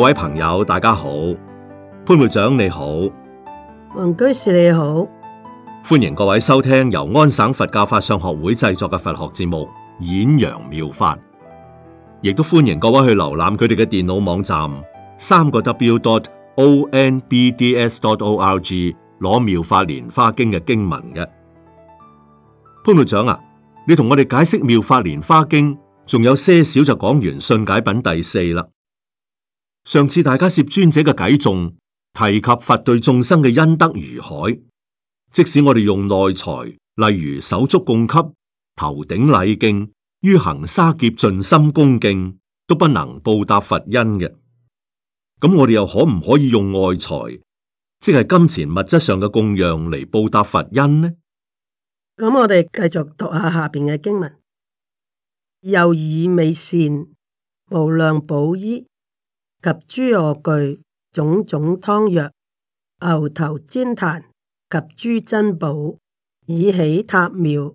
各位朋友，大家好，潘會長你好，黃居士你好，歡迎各位收聽由安省佛教法相學會製作嘅佛學節目《演揚妙法》，亦都歡迎各位去瀏覽佢哋嘅電腦網站三個 W dot o N B D S 點 O R G 攞妙法蓮花經嘅經文嘅。潘會長啊，你同我哋解釋妙法蓮花經，仲有些少就講完《信解品》第四啦。上次大迦葉尊者嘅偈頌提及佛對眾生嘅恩德如海，即使我哋用內財，例如手足供給、頭頂禮敬、於行沙劫盡心恭敬，都不能報答佛恩嘅。咁我哋又可唔可以用外財，即係金錢物質上嘅供養嚟報答佛恩呢？咁我哋繼續讀下下邊嘅經文：又以美膳無量寶衣。及諸惡具、種種湯藥、牛頭旃檀及諸珍寶，以起塔廟，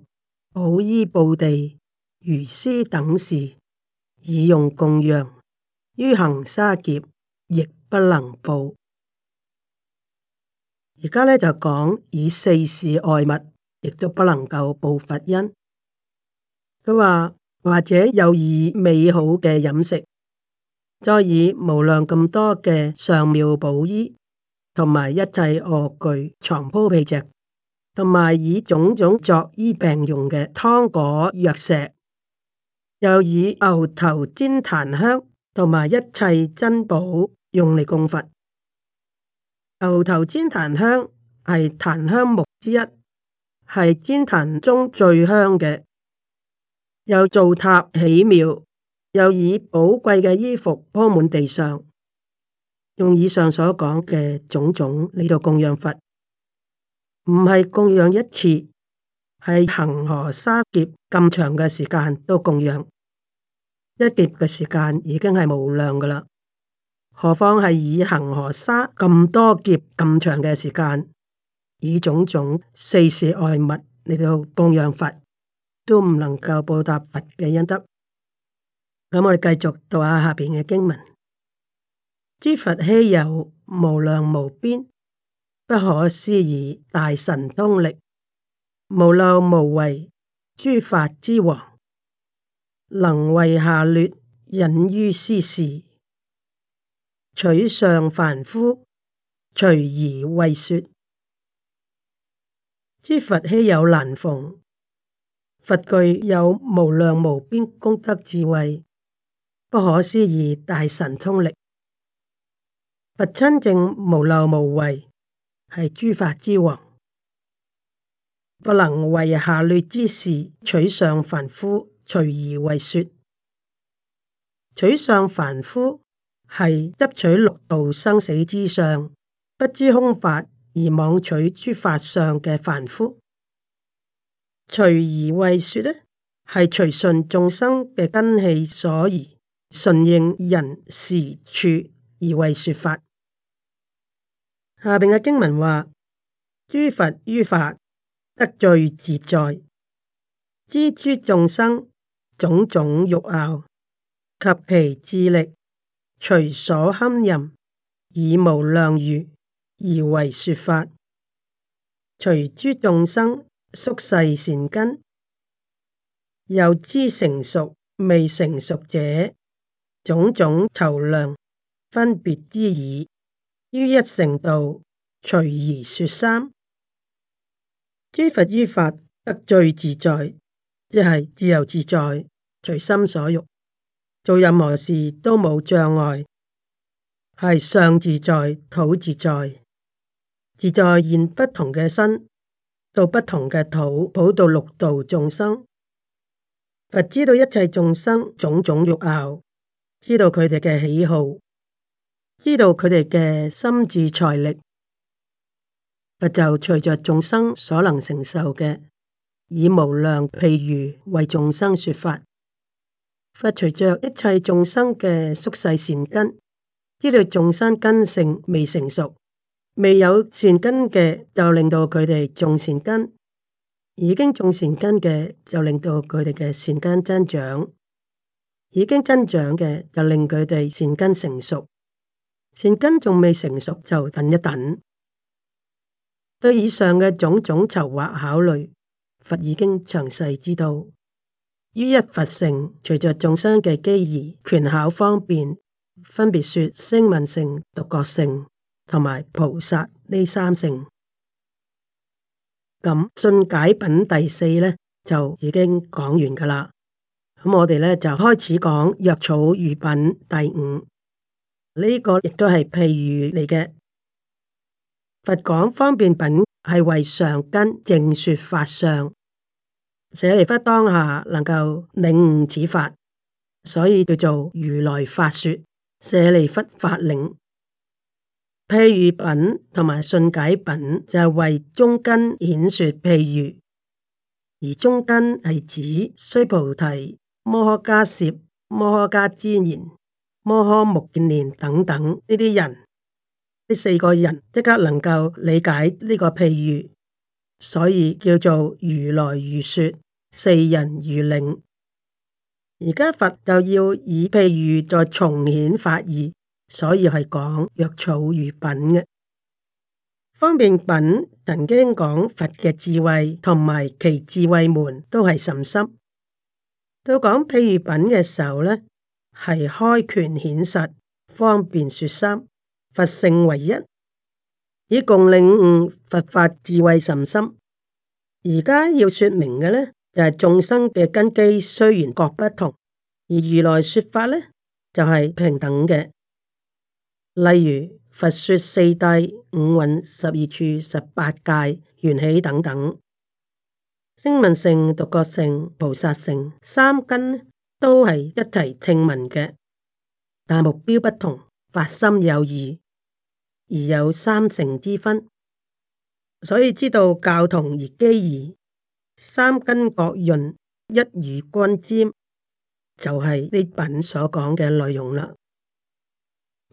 寶衣布地，如絲等事，以用供養，於行沙劫亦不能報。而家咧就講以四事外物亦都不能夠報佛恩。佢話或者有以美好嘅飲食。再以無量咁多嘅上妙寶衣同埋一切臥具、床鋪、被席，同埋以種種作醫病用嘅湯果、藥石，又以牛頭旃檀香同埋一切珍寶用嚟供佛。牛頭旃檀香係檀香木之一，係旃檀中最香嘅，又造塔起廟。又以寶貴嘅衣服鋪滿地上，用以上所講嘅種種嚟到供養佛，唔係供養一次，係恒河沙劫咁長嘅時間都供養。一劫嘅時間已經係無量噶啦，何況係以恒河沙咁多劫咁長嘅時間，以種種四事外物嚟到供養佛，都唔能夠報答佛嘅恩德。咁我哋繼續讀下下邊嘅經文：諸佛希有，無量無邊，不可思議大神通力，無漏無為，諸法之王，能為下劣忍於斯事，取上凡夫隨而為說。諸佛希有難逢，佛具有無量無邊功德智慧。不可思議大神通力，佛親證無漏無為，係諸法之王，不能為下劣之事，取上凡夫隨而為說。取上凡夫係執取，取六道生死之相，不知空法而妄取諸法相嘅凡夫，隨而為說呢，係隨順眾生嘅根器所宜。順應人時處而為說法。下邊嘅經文話：諸佛於法得最自在，知諸眾生種種欲拗及其智力，隨所堪任以無量喻而為說法。隨諸眾生宿世善根，又知成熟未成熟者。種種籌量，分別之耳，於一成道，隨而說三。諸佛於法得最自在，即係自由自在，隨心所欲，做任何事都冇障礙，係上自在、土自在、自在現不同嘅身，到不同嘅土，普度六道眾生。佛知道一切眾生種種欲求。知道佢哋嘅喜好，知道佢哋嘅心智財力，佛就隨着眾生所能承受嘅，以無量譬喻為眾生說法。佛隨着一切眾生嘅宿世善根，知道眾生根性未成熟，未有善根嘅就令到佢哋種善根，已經種善根嘅就令到佢哋嘅善根增長。已經增長嘅就令佢哋善根成熟，善根仲未成熟就等一等。對以上嘅種種籌劃考慮，佛已經詳細知道。於一佛乘，隨着眾生嘅機宜、權巧方便，分別說聲聞乘、獨覺乘同埋菩薩呢三乘。咁信解品第四呢，就已經講完㗎喇。咁我哋咧就開始講藥草喻品第五，呢、這個亦都係譬喻嚟嘅。佛講方便品係為上根正說法上；舍利弗當下能夠領悟此法，所以叫做如來法說，舍利弗法領。譬喻品同埋信解品就係為中根顯說譬喻，而中根係指須菩提。摩訶迦葉、摩訶迦旃延、摩訶目犍連等等呢啲人，呢四個人即刻能夠理解呢個譬喻，所以叫做如來如說，四人如領。而家佛就要以譬喻再重顯法義，所以係講藥草喻品嘅方便品。曾經講佛嘅智慧同埋其智慧門都係甚深。到講譬喻品嘅時候呢係開權顯實，方便說三佛性為一，以共領悟佛法智慧甚深。而家要說明嘅呢，就係、是、眾生嘅根基雖然各不同，而如來說法呢，就係、是、平等嘅。例如佛說四諦五蘊十二處十八界緣起等等。聲聞性、獨覺性、菩薩性三根都係一齊聽聞嘅，但目標不同，發心有異，而有三乘之分。所以知道教同而機異，三根各潤，一雨均霑，就係呢品所講嘅內容啦。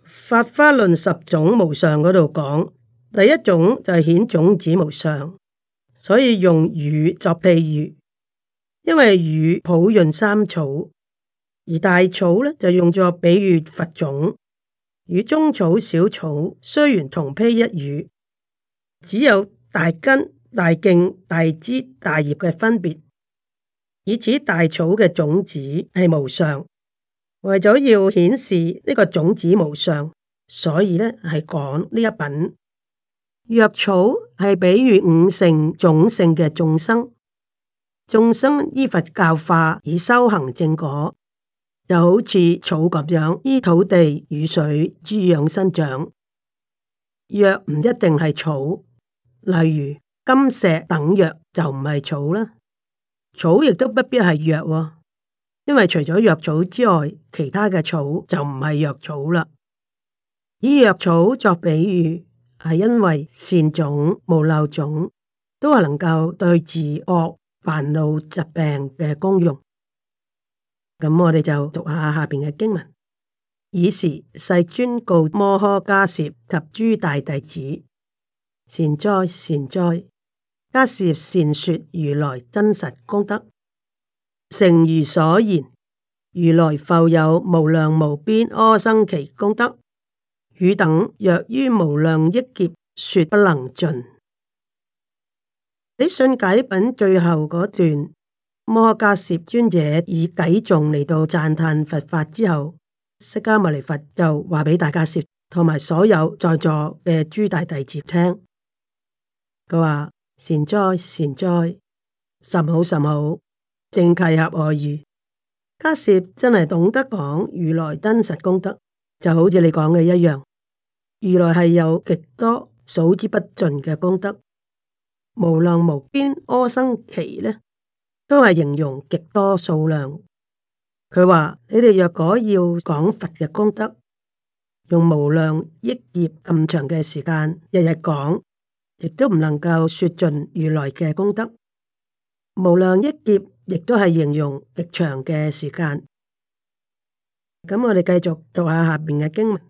法華論十種無上嗰度講，第一種就係顯種子無上。所以用雨作譬喻，因為雨普潤三草，而大草咧就用作比喻佛種，與中草、小草雖然同披一雨，只有大根、大莖、大枝、大葉嘅分別，以此大草嘅種子係無常，為咗要顯示呢個種子無常，所以呢係講呢一品。藥草係比喻五乘種性嘅眾生，眾生依佛教化以修行正果，就好似草咁樣依土地雨水滋養生長。藥唔一定係草，例如金石等藥就唔係草啦。草亦都不必係藥喎，因為除咗藥草之外，其他嘅草就唔係藥草啦。以藥草作比喻。係因為善種無漏種，都係能夠對治惡煩惱、疾病嘅功用。咁我哋就讀下下面嘅經文。以時世尊告摩訶迦葉及諸大弟子：善哉善哉，迦葉善說如來真實功德。誠如所言，如來復有無量無邊阿僧祇功德。汝等若於無量億劫說不能盡。喺信解品最後嗰段，摩訶迦葉尊者以偈頌嚟到讚歎佛法之後，釋迦牟尼佛就話俾大迦葉，同埋所有在座嘅諸大弟子聽，佢話善哉善哉，甚好甚好，正契合我意。迦葉真係懂得講如來真實功德，就好似你講嘅一樣。如來係有極多數之不盡嘅功德，無量無邊阿僧祇呢，都係形容極多數量。佢話：你哋若果要講佛嘅功德，用無量億劫咁長嘅時間，日日講，亦都唔能夠說盡如來嘅功德。無量億劫亦都係形容極長嘅時間。咁我哋繼續讀下下面嘅經文。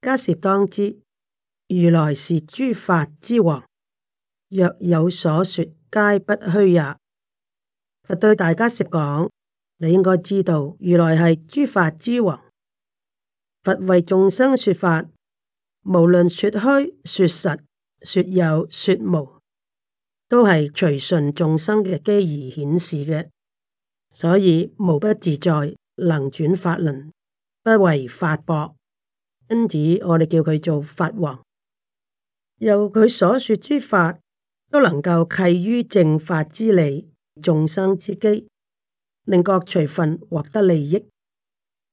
迦葉當知，如來是諸法之王。若有所說，皆不虛也。佛對大迦葉講，你應該知道，如來係諸法之王。佛為眾生說法，無論說虛說實說有說無，都係隨順眾生嘅機而顯示嘅，所以無不自在，能轉法輪，不為法薄。因此，我哋叫佢做法王。由佢所說之法，都能夠契於正法之理，眾生之機，令各隨分獲得利益。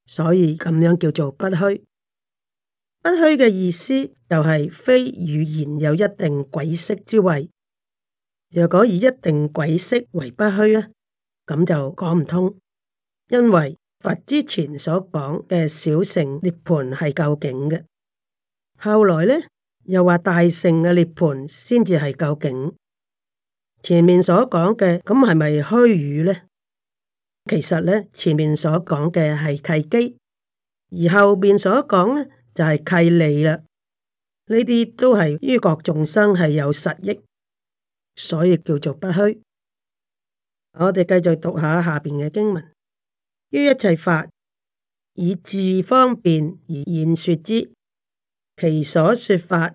所以咁樣叫做不虛。不虛嘅意思就係非語言有一定鬼色之謂。若果以一定鬼色為不虛啊，咁就講唔通，因為。佛之前所講嘅小乘涅槃係究竟嘅，後來呢，又話大乘嘅涅槃先至係究竟。前面所講嘅咁係咪虛語呢？其實呢，前面所講嘅係契機，而後面所講呢就係、是、契理啦。呢啲都係於各眾生係有實益，所以叫做不虛。我哋繼續讀下下邊嘅經文。於一切法以智方便而演說之，其所說法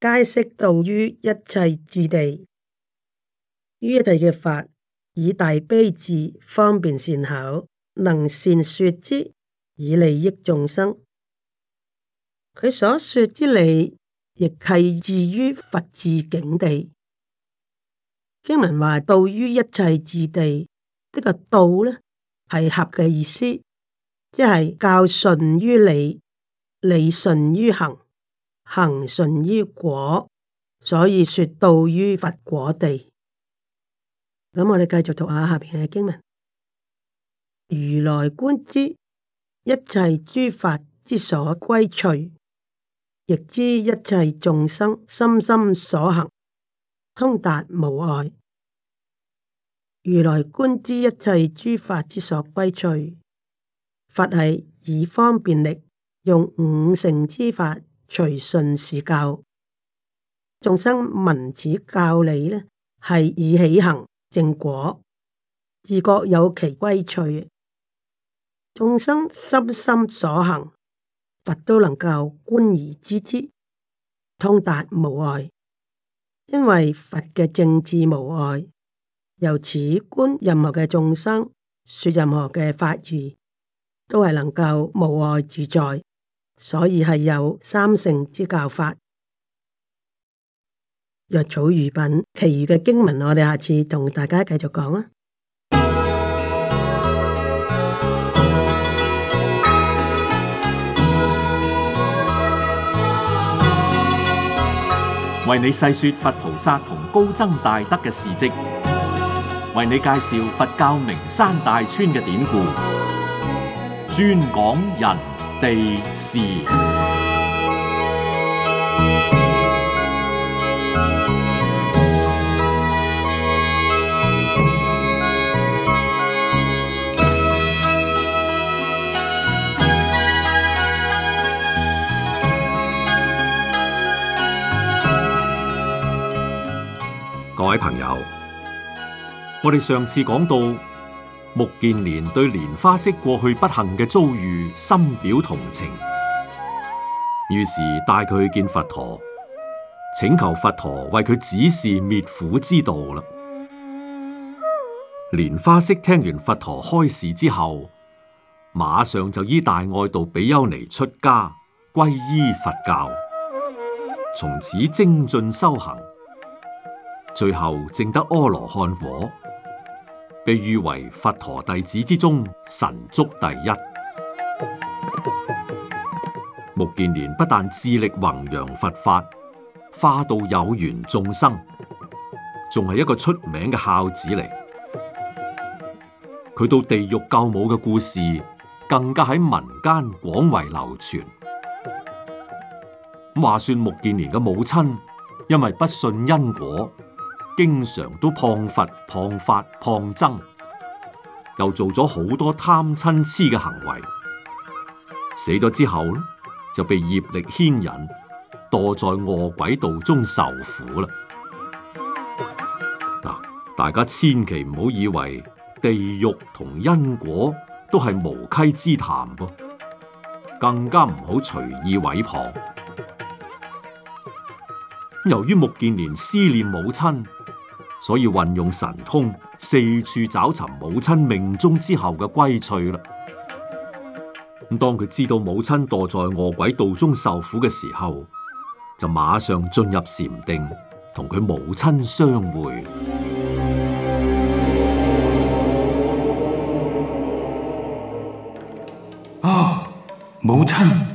皆悉道於一切智地。於一切嘅法以大悲智方便善巧，能善說之，以利益眾生。佢所說之理亦契於佛智境地。經文話道於一切智地，呢、這個道呢？係合嘅意思，即係教順於理，理順於行，行順於果，所以說道於佛果地。咁我哋繼續讀下下邊嘅經文：如來觀知一切諸法之所歸趣，亦知一切眾生心心所行，通達無礙。如來觀知一切諸法之所歸趣，佛係以方便力用五乘之法隨順示教眾生聞此教理呢，係以起行正果，自覺有其歸趣。眾生心心所行，佛都能夠觀而知之，通達無礙，因為佛嘅正智無礙。由此觀任何嘅眾生，說任何嘅法義，都係能夠無礙自在，所以係有三乘之教法。藥草喻品，其餘嘅經文我哋下次同大家繼續講啊！為你細說佛菩薩同高僧大德嘅事跡。為你介紹佛教名山大川嘅典故，專講人地事。各位朋友。我哋上次講到，目犍連對蓮花式過去不幸嘅遭遇深表同情，於是帶佢去見佛陀，請求佛陀為佢指示滅苦之道啦。蓮花式聽完佛陀開示之後，馬上就依大愛道比丘尼出家，皈依佛教，從此精進修行，最後證得阿羅漢果。被譽為佛陀弟子之中神足第一，目犍連，不但致力弘揚佛法，化度有緣眾生，仲係一個出名嘅孝子嚟。佢到地獄救母嘅故事，更加喺民間廣為流傳。咁話說目犍連嘅母親，因為不信因果。經常都謗佛謗法謗僧，又做咗好多貪瞋痴嘅行為，死咗之後咧就被業力牽引，墮在餓鬼道中受苦啦。嗱，大家千祈唔好以為地獄同因果都係無稽之談噃，更加唔好隨意毀謗。由於目犍連思念母親。所以運用神通四處找尋母親命終之後嘅歸趣啦。當佢知道母親墮在餓鬼道中受苦嘅時候，就馬上進入禪定，同佢母親相會。啊，母親！母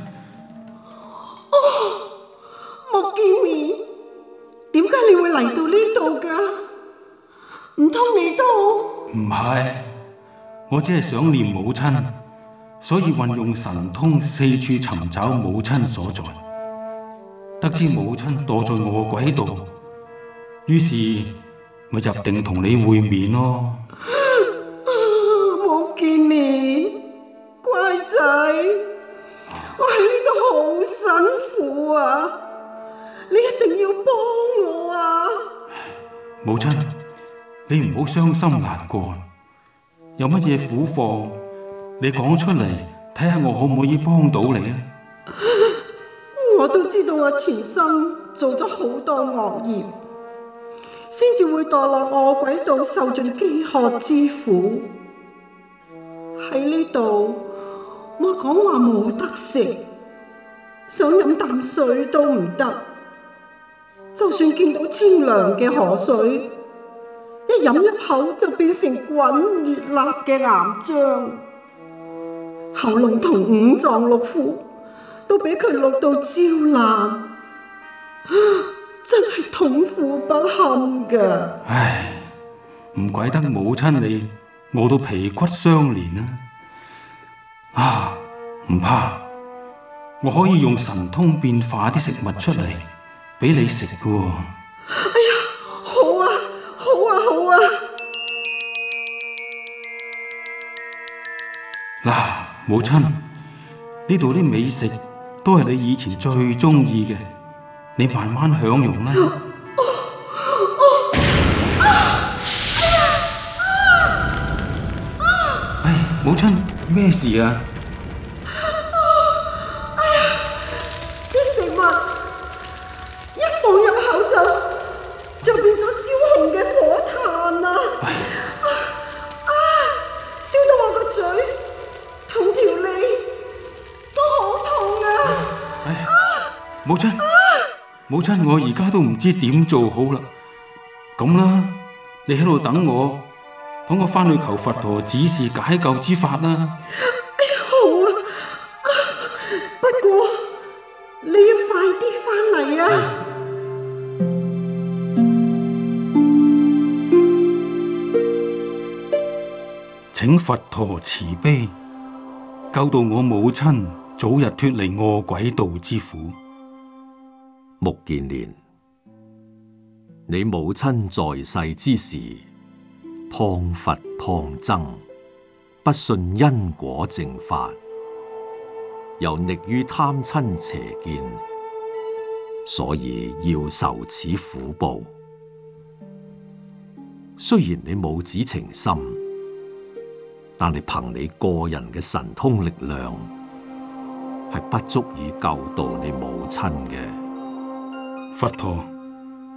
只係想念母親，所以運用神通四處尋找母親所在，得知母親墮進惡鬼道，於是咪就入定同你會面咯。冇 見面，乖仔，我喺呢度好辛苦啊！你一定要幫我啊！母親，你唔好傷心難過。有乜嘢苦況，你講出嚟睇下，看看我可唔可以幫到你啊？我都知道我前生做咗好多惡業，先至會墮落餓鬼道，受盡飢渴之苦。喺呢度，我講話冇得食，想飲啖水都唔得，就算見到清涼嘅河水。一飲一口就變成滾熱辣嘅岩漿，喉嚨同五臟六腑都俾佢落到焦爛，啊，真係痛苦不堪噶。唉，唔怪得母親你餓到皮骨相連啦。啊，唔怕，我可以用神通變化啲食物出嚟俾你食噶。哎呀。嗱、啊，母親，呢度啲美食都係你以前最鍾意嘅，你慢慢享用啦。啊哎，啊啊、哎，母親，咩事啊？母親，啊、母親，我而家都唔知點做好啦。咁啦，你喺度等我，等我翻去求佛陀指示解救之法啦。哎，好啊，啊不過你要快啲翻嚟啊！請佛陀慈悲，救到我母親早日脫離餓鬼道之苦。目犍連，你母親在世之時，謗佛謗僧，不信因果正法，又溺於貪瞋邪見，所以要受此苦報。雖然你母子情深，但係憑你個人嘅神通力量，係不足以救度你母親嘅。佛陀，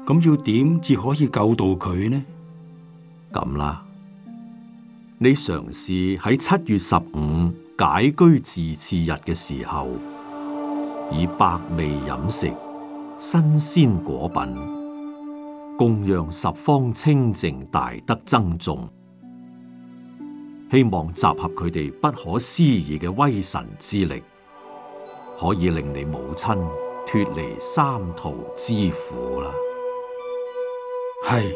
咁要點至可以救到佢呢？咁啦，你嘗試喺七月十五解夏自恣日嘅時候，以百味飲食、新鮮果品，供養十方清淨大德僧眾，希望集合佢哋不可思議嘅威神之力，可以令你母親。脫離三途之苦啦。係，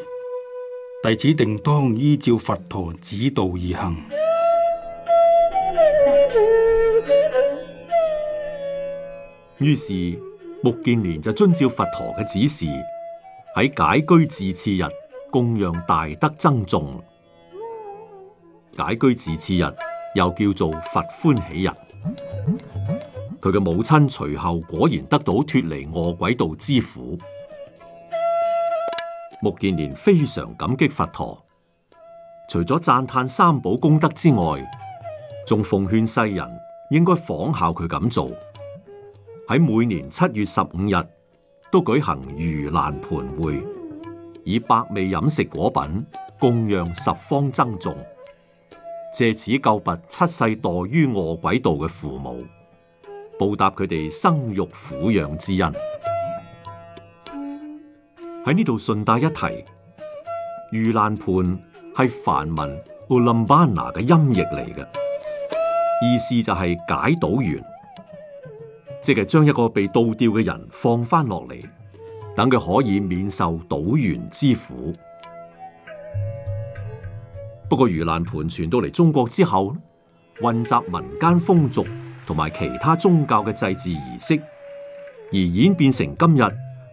弟子定當依照佛陀指導而行。 於是目犍連就遵照佛陀嘅指示，喺解居自次日供養大德僧眾。解居自次日又叫做佛歡喜日。佢嘅母親隨後果然得到脫離餓鬼道之苦。目犍連非常感激佛陀，除咗讚嘆三寶功德之外，仲奉勸世人應該仿效佢咁做，喺每年七月十五日都舉行盂蘭盆會，以百味飲食果品供養十方僧眾，借此救拔七世墮於餓鬼道嘅父母。報答佢哋生育撫養之恩。喺呢度順帶一提，盂蘭盆係梵文 Ullambana 嘅音譯嚟嘅，意思就係解倒懸，即係將一個被倒吊嘅人放翻落嚟，等佢可以免受倒懸之苦。不過盂蘭盆傳到嚟中國之後，混雜民間風俗。同埋其他宗教嘅祭祀儀式，而演變成今日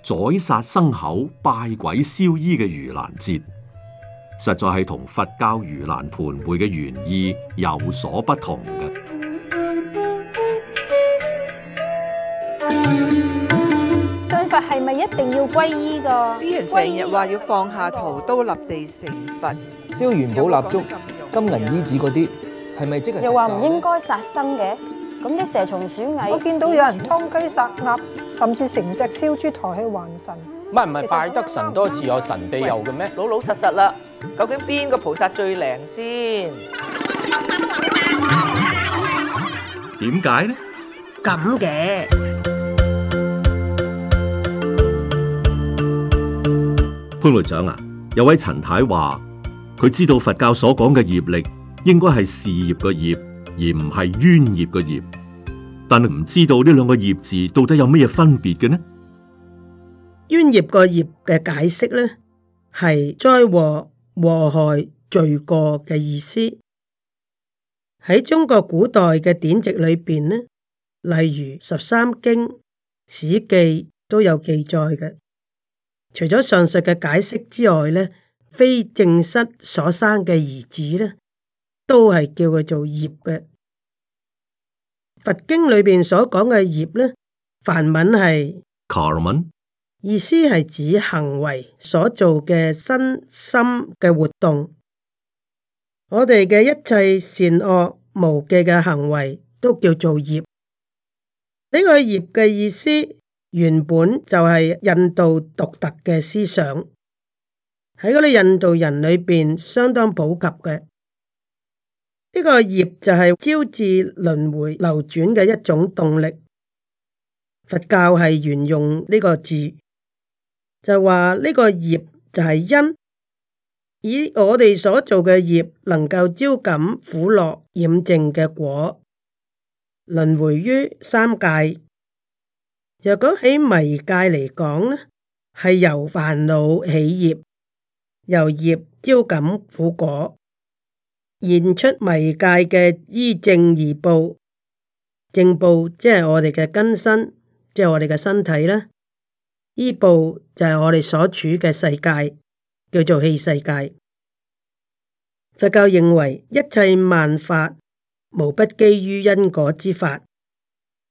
宰殺牲口、拜鬼燒衣嘅盂蘭節，實在係同佛教盂蘭盆會嘅原意有所不同嘅。信佛係咪一定要皈依噶？啲人成日話要放下屠刀立地成佛，燒元寶、蠟燭、金銀衣紙嗰啲，係咪即係又話唔應該殺生嘅？咁啲蛇蟲鼠蟻，我見到有人劏雞殺鴨，甚至成隻燒豬抬去還神。唔係唔係，拜得神多自有神庇佑嘅咩？老老實實啦，究竟邊個菩薩最靈先？點解呢？咁嘅潘會長啊，有位陳太話佢知道佛教所講嘅業力，應該係事業嘅業。而唔係冤孽嘅業，但係唔知道呢兩個業字到底有咩嘢分別嘅呢？冤孽個業嘅解釋咧，係災禍、禍害、罪過嘅意思。喺中國古代嘅典籍裏邊呢，例如十三經、史記都有記載嘅。除咗上述嘅解釋之外咧，非正室所生嘅兒子咧。都係叫佢做業嘅。佛經裏邊所講嘅業呢，梵文係 karma，意思係指行為所做嘅身心嘅活動。我哋嘅一切善惡無記嘅行為都叫做業。呢個業嘅意思原本就係印度獨特嘅思想，喺嗰啲印度人裏邊相當普及嘅。呢個業就係招致輪迴流轉嘅一種動力。佛教係沿用呢個字，就話呢個業就係因，以我哋所做嘅業，能夠招感苦樂染淨嘅果，輪迴於三界。若果喺迷界嚟講咧，係由煩惱起業，由業招感苦果。現出迷界嘅依正而報，正報即係我哋嘅根身，即係我哋嘅身體啦。依報就係我哋所處嘅世界，叫做器世界。佛教認為一切萬法無不基於因果之法，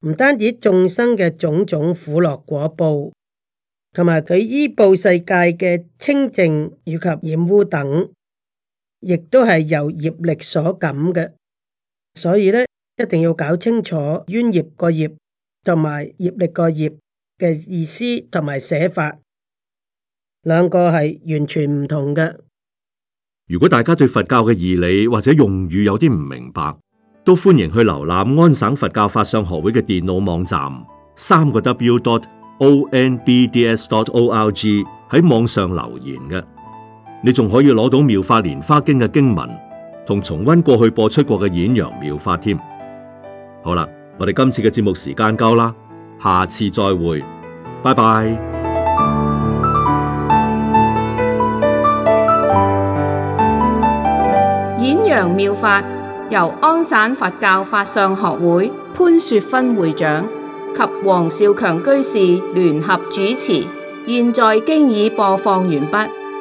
唔單止眾生嘅種種苦樂果報，同埋佢依報世界嘅清淨以及染污等，亦都係由業力所感嘅，所以咧一定要搞清楚冤孽個業同埋業力個業嘅意思同埋寫法，兩個係完全唔同嘅。如果大家對佛教嘅義理或者用語有啲唔明白，都歡迎去瀏覽安省佛教法相學會嘅電腦網站，三個 W dot O N B D S dot O R G 喺網上留言嘅。你仲可以攞到《妙法蓮花經》嘅經文，同重溫過去播出過嘅《演揚妙法》添。好啦，我哋今次嘅節目時間夠啦，下次再會，拜拜。《演揚妙法》由安省佛教法相學會潘雪芬會長及黃少強居士聯合主持，現在經已播放完畢。